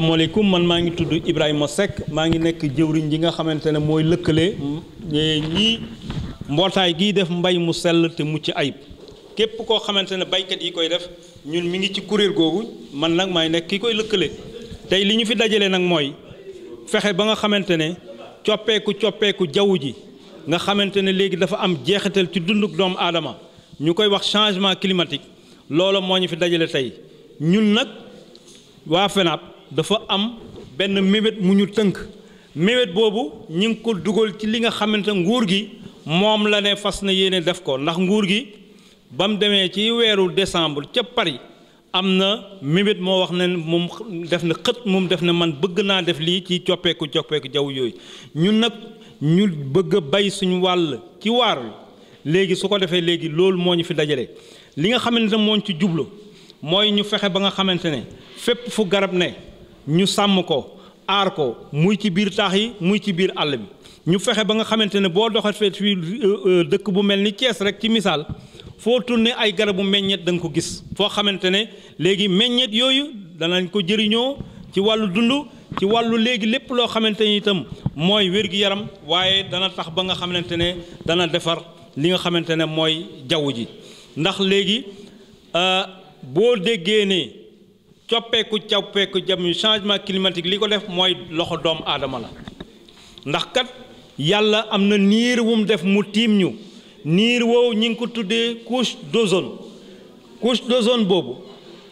asalaamaaleykum man maa ngi tudd Ibrahima sekk maa ngi nekk jëwriñ ji nga xamante ne mooy lëkkale ñii mbootaay gii def mbay mu sell te mucc ayib képp koo xamante ne baykat yi koy def ñun mi ngi ci kuréel googu man nag maay nekk ki koy lëkkale tey li ñu fi dajale nag mooy fexe ba nga xamante ne coppeeku coppeeku jaww ji nga xamante ne léegi dafa am jeexital ci dunduk doomu aadama ñu koy wax changement climatique loolu moo ñu fi dajale tey ñun nag waa FENAB dafa am benn mébét mu ñu tënk mébét boobu ñu ngi ko dugal ci li nga xamante nguur gi moom la ne fas na yéene def ko ndax nguur gi ba mu demee ci weeru décembre ca Paris am na mébét moo wax ne moom def na xët moom def na man bëgg naa def lii ci coppeeku joppeeku jaww yooyu ñun nag ñu bëgg a bay suñu wàll ci waar léegi su ko defee léegi loolu moo ñu fi dajalee li nga xamante ne moo ñu ci jublu mooy ñu fexe ba nga xamante ne fépp fu garab ne. ñu sàmm ko aar ko muy ci biir taax yi muy ci biir àll bi ñu fexe ba nga xamante ne boo doxatee fii euh, euh, dëkk bu mel ni Thiès rek ci misaal foo tourné ay garabu meññeet da ko gis foo xamante ne léegi meññeet yooyu danañ ko jëriñoo ci wàllu dund ci wàllu léegi lépp loo xamante ni itam mooy wér-gi-yaram waaye dana tax ba nga xamante ne dana defar li nga xamante ne mooy jaww ji ndax léegi euh, boo déggee ne coppeeku coppeeku jëm yu changement climatique li ko def mooy loxo doomu aadama la ndax kat yàlla am na niir wum def mu tiim ñu niir woowu ñi ngi ko tuddee couche d'ozone couche d'ozone boobu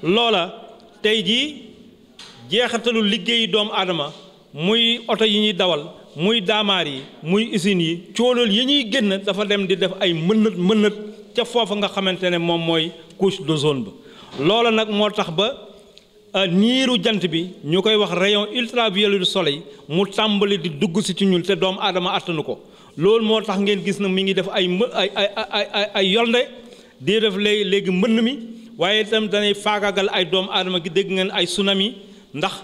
loola tey jii jeexatalu liggéeyu doomu aadama muy oto yi ñuy dawal muy daamaar yi muy usines yi coolool yi ñuy génn dafa dem di def ay mënat mënat ca foofa nga xamante ne moom mooy couche d'ozone ba loola nag moo tax ba Euh, niiru jant bi ñu koy wax rayon ultraviolet du soleil mu tàmbali di dugg si ci ñun te doomu aadama attanu ko loolu moo tax ngeen gis na mu ngi def ay ay ay ay ay yolnde di def léegi léegi mbënn mi waaye itam danay faagaagal ay doomu aadama gi dégg ngeen ay tsunami ndax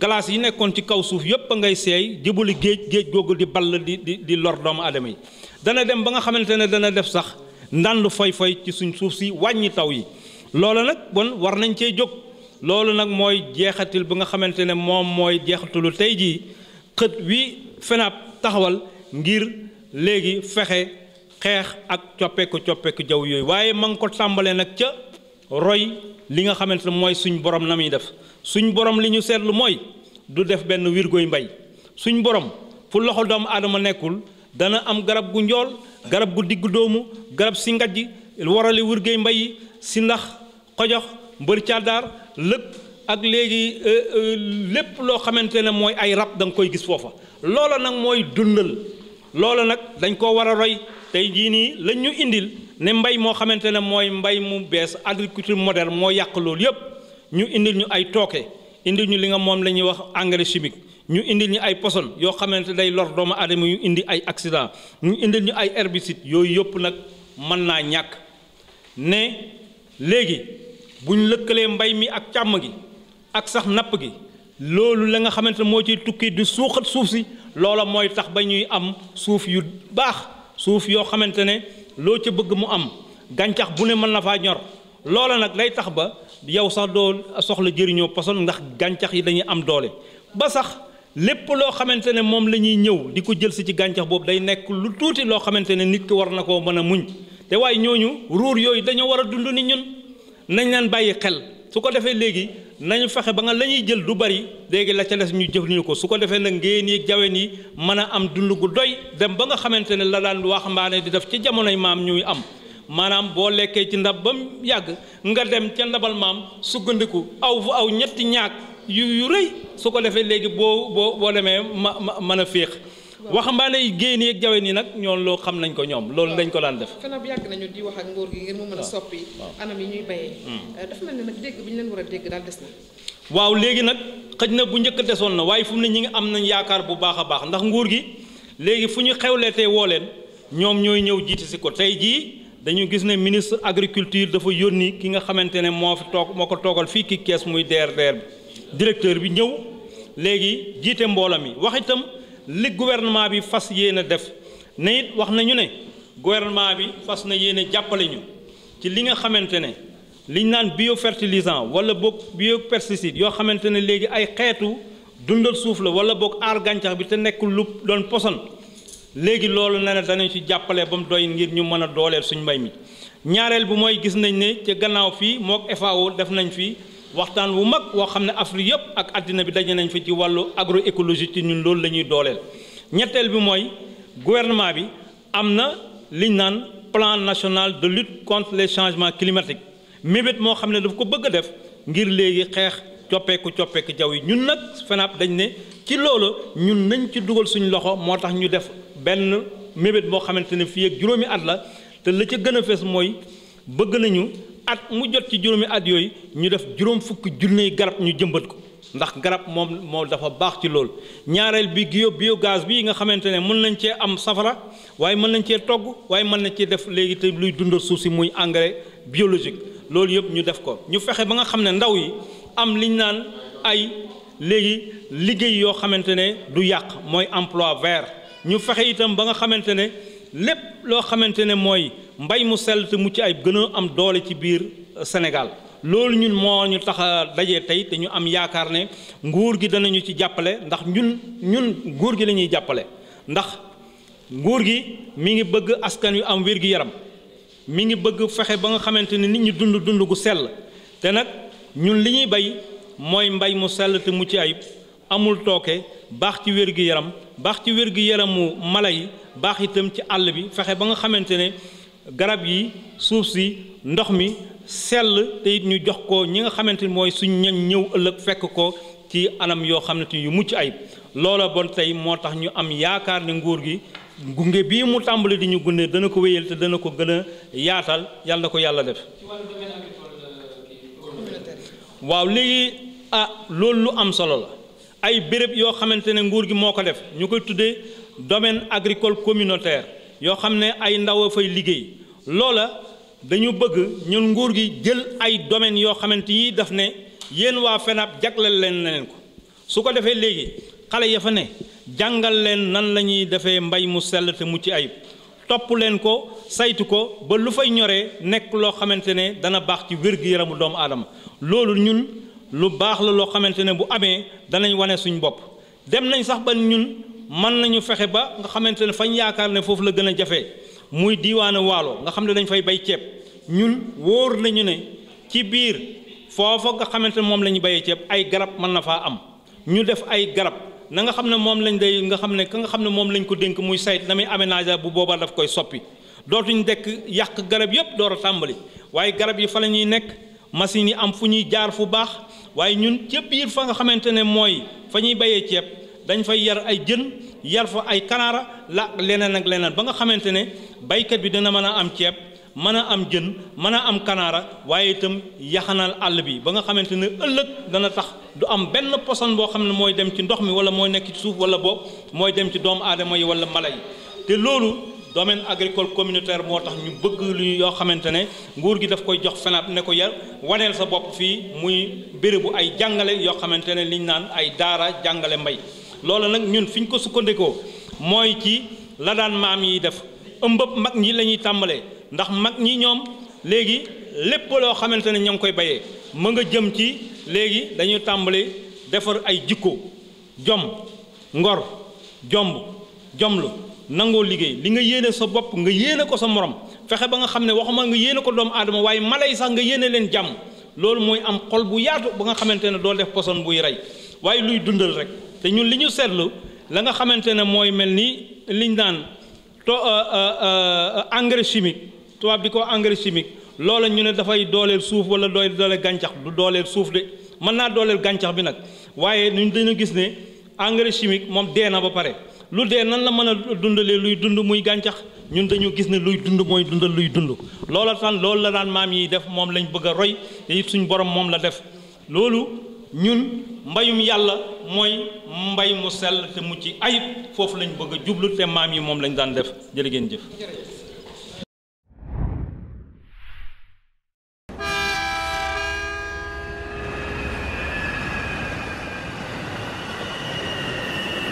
glace yi nekkoon ci kaw suuf yëpp ngay seey jibuli géej géej googu di ball di di di lor doomu aadama yi dana dem ba nga xamante ne dana def sax ndànd foy foy ci suñ suuf si wàññi taw yi loolu nag bon war nañ loolu nag mooy jeexatil bi nga xamante ne moom mooy jeexatalu tey jii xët wi FENAB taxawal ngir léegi fexe xeex ak coppeeku coppeeku jaww yooyu waaye ma ngi ko tàmbalee nag ca roy li nga xamante ne mooy suñ borom na muy def suñ borom li ñu seetlu mooy du def benn wirgoy mbay suñ borom fu loxo doomu aadama nekkul dana am garab gu njool garab gu diggu doomu garab si ngajj warale wirgoy mbay si ndax xojox mbëri càddaar lépp ak léegi euh, euh, lépp loo xamante ne mooy ay rab danga koy gis foofa loola nag mooy dundal loola nag dañ koo war a roy tey jii nii lañ ñu indil ne mbay moo xamante ne mooy mbay mu bees agriculture moderne moo yàq loolu yépp ñu indil ñu ay tooke indil ñu li nga moom la ñuy wax engrais chimique ñu indil ñu ay poson yoo xamante day lor doomu aadama yu indi ay accident ñu indil ñu ay herbicide yooyu yëpp nag mën naa ñàkk ne léegi bu ñu lëkkalee mbay mi ak càmm gi ak sax napp gi loolu la nga xamante ne moo ciy tukki di suuxat suuf si loola mooy tax ba ñuy am suuf yu baax suuf yoo xamante ne loo ci bëgg mu am gàncax bu ne mën na faa ñor loola nag lay tax ba yow sax doo soxla jëriñoo poson ndax gàncax yi dañuy am doole ba sax lépp loo xamante ne moom la ñuy ñëw di ko jël si ci gàncax boobu day nekk lu tuuti loo xamante ne nit ki war na koo mën a muñ te waaye ñooñu ruur yooyu dañoo war a dund nañ leen bàyyi xel su ko defee léegi nañu fexe ba nga la ñuy jël du bari léegi la ca ñu jëf ñu ko su ko defee nag ngeen yi jawee nii mën a am dund gu doy dem ba nga xamante ne la daan waxambaane di def ci jamonoy maam ñuy am maanaam boo lekkee ci ndab ba mu yàgg nga dem ca ndabal maam sukkandiku aw aw ñetti ñaak yu yu rëy su ko defee léegi boo boo boo demee ma ma mën a féex waxambaane yi génn yeeg jawe nii nag ñoom loo xam nañ ko ñoom loolu dañ ko daan def FENAB yàgg nañu di wax ak nguur gi ngir mu mën a soppi anam yi ñuy bayee hmm. eh, dafa mel ne nag dégg bi ñu leen war a dégg daal des na waaw léegi nag xëj na bu njëkk desoon na waaye fu mu ne ñi ngi am nañ yaakaar bu baax a baax ndax nguur gi léegi fu ñu xew xewlee tey woo leen ñoom ñooy ñëw jiite si ko tey jii dañu gis ne ministre agriculture dafa yónni ki nga xamante ne moo fi toog moo ko toogal fii ki kees muy DRDR bi directeur bi ñëw léegi jiite mbooloo mi li gouvernement bi fas yéene def na it wax nañu ne gouvernement bi fas na yéene jàppale ñu ci li nga xamante ne liñ naan biofertilisant wala boog biopesticide yoo xamante ne léegi ay xeetu dundal suuf la wala boog aar gàncax bi te nekkul lu doon poson léegi loolu ne ne danañ ci jàppale ba mu doy ngir ñu mën a dooleel suñ mbay mi ñaareel bi mooy gis nañ ne ca gannaaw fii mook FAO def nañ fii waxtaan wu mag woo xam ne Afrique yëpp ak àddina bi daje nañ fi ci wàllu agro écologie ci ñun loolu lañuy dooleel ñetteel bi mooy gouvernement bi am na liñ naan plan national de lutte contre les changements climatiques mébét moo xam ne daf ko bëgg a def ngir léegi xeex coppeeku coppeeku jaww yi ñun nag FENAB dañ ne ci loolu ñun nañ ci dugal suñu loxo moo tax ñu def benn mébét boo xamante ne fii ak juróomi at la te la ca gën a fees mooy bëgg nañu. at mu jot ci juróomi at yooyu ñu def juróom fukki junney garab ñu jëmbat ko ndax garab moom moo dafa baax ci lool ñaareel bi bio biogaz bii nga xamante ne mën nañ cee am safara waaye mën nañ cee togg waaye mën nañ cee def léegi te luy dundal suuf si muy engrais biologique loolu yëpp ñu def ko ñu fexe ba nga xam ne ndaw yi am li ñu naan ay léegi liggéey yoo xamante ne du yàq mooy emploi vert ñu fexe itam ba nga xamante ne lépp loo xamante ne mooy mbay mu sell te mucc ayib gën am doole ci biir euh, Sénégal loolu ñun moo ñu tax a daje tey te am yaakaar ne nguur gi danañu ci jàppale ndax ñun ñun nguur gi lañuy jàppale ndax nguur gi mi ngi bëgg askan yu am wér-gi-yaram mi ngi bëgg fexe ba nga xamante ne nit ñi dund dund gu sell te nag ñun li ñuy bay mooy mbay mu sell te mucc ayib amul tooke baax ci wér-gi-yaram baax ci wér-gi-yaramu mala yi baax itam ci àll bi fexe ba nga xamante ne garab yi suuf si ndox mi sell te ñu jox ko ñi nga xamante ni mooy suñ ñañ ñëw ëllëg fekk ko ci anam yoo xam ne yu mucc ayib loola bon tey moo tax ñu am yaakaar ne nguur gi gunge bii mu tàmbali di ñu gunge dana ko wéyal te dana ko gën a yaatal yàlla ko yàlla def euh, waaw léegi a ah, loolu lu am solo la ay béréb yoo xamante ne nguur gi moo ko def ñu koy tuddee domaine agricole communautaire yoo xam ne ay ndaw a fay liggéey loola dañu bëgg ñun nguur gi jël ay domaines yoo xamante yi daf ne yéen waa FENAB jagleel leen na leen ko su ko defee léegi xale ya fa ne jàngal leen nan la ñuy defee mbay mu sell te mucc ay topp leen ko saytu ko ba lu fay ñoree nekk loo xamante ne dana baax ci wér-gu-yaramu doomu aadama loolu ñun lu baax la loo xamante ne bu amee danañ wane suñu bopp dem nañ sax ba ñun mën nañu fexe ba nga xamante ne fañ yaakaar ne foofu la gën a jafee muy diiwaane waalo nga xam ne dañ fay bay ceeb ñun wóor nañu ne ci biir foofa nga xamante ne moom la ñu béyee ceeb ay garab mën na faa am ñu def ay garab na nga xam ne moom lañ day nga xam ne ka nga xam ne moom lañ ko dénk muy sayt na muy aménagé bu boobaa daf koy soppi dootuñ dekk yàq garab yépp door a tàmbali waaye garab yi fa la nekk fu baax waaye ñun ca biir fa nga xamante ne mooy fa ñuy bayee ceeb dañ fay yar ay jën yar fa ay kanaara la leneen ak leneen ba nga xamante ne baykat bi dina mën a am ceeb mën a am jën mën a am kanaara waaye itam yaxanal àll bi ba nga xamante ne ëllëg dana tax du am benn poson boo xam ne mooy dem ci ndox mi wala moo nekk ci suuf wala boobu mooy dem ci doomu aadama yi wala mala yi te loolu domaine agricole communautaire moo tax ñu bëgg lu yoo xamante ne nguur gi daf koy jox FENAB ne ko yar waneel sa bopp fii muy bérébu ay jàngale yoo xamante ne liñ naan ay daara jàngale mbay loolu nag ñun fi ñu ko sukkandikoo mooy ci la daan maam yi def ëmbëb mag ñi la ñuy tàmbalee ndax mag ñi ñoom léegi lépp loo xamante ne ñoo ngi koy bayee mu nga jëm ci léegi dañuy tàmbali defar ay jikko jom ngor jomb jomlu nangoo liggéey li nga yéene sa bopp nga yéene ko sa morom fexe ba nga xam ne waxuma nga yéene ko doomu aadama waaye malay yi sax nga yéene leen jàmm loolu mooy am xol bu yaatu ba nga xamante ne doo def poson buy rey waaye luy dundal rek te ñun li ñu seetlu la nga xamante ne mooy mel ni liñ naan to euh, euh, euh, engrais chimique tubaab di ko engrais chimique loola ñu ne dafay dooleel suuf wala dooy dooleel gàncax du dooleel suuf de mën naa dooleel gàncax bi nag waaye ñu dañu gis ne engrais chimique moom dee na ba pare lu dee nan la mën a dundalee luy dund muy gàncax ñun dañu gis ne luy dund mooy dundal luy dund loola tan loolu la daan maam yi def moom lañu bëgg a roy te it suñ borom moom la def loolu ñun mbayum yàlla mooy mbay mu sell te mu ci ayib foofu lañ bëgg a jublu te maam yi moom lañ daan def jërë ngeen jëf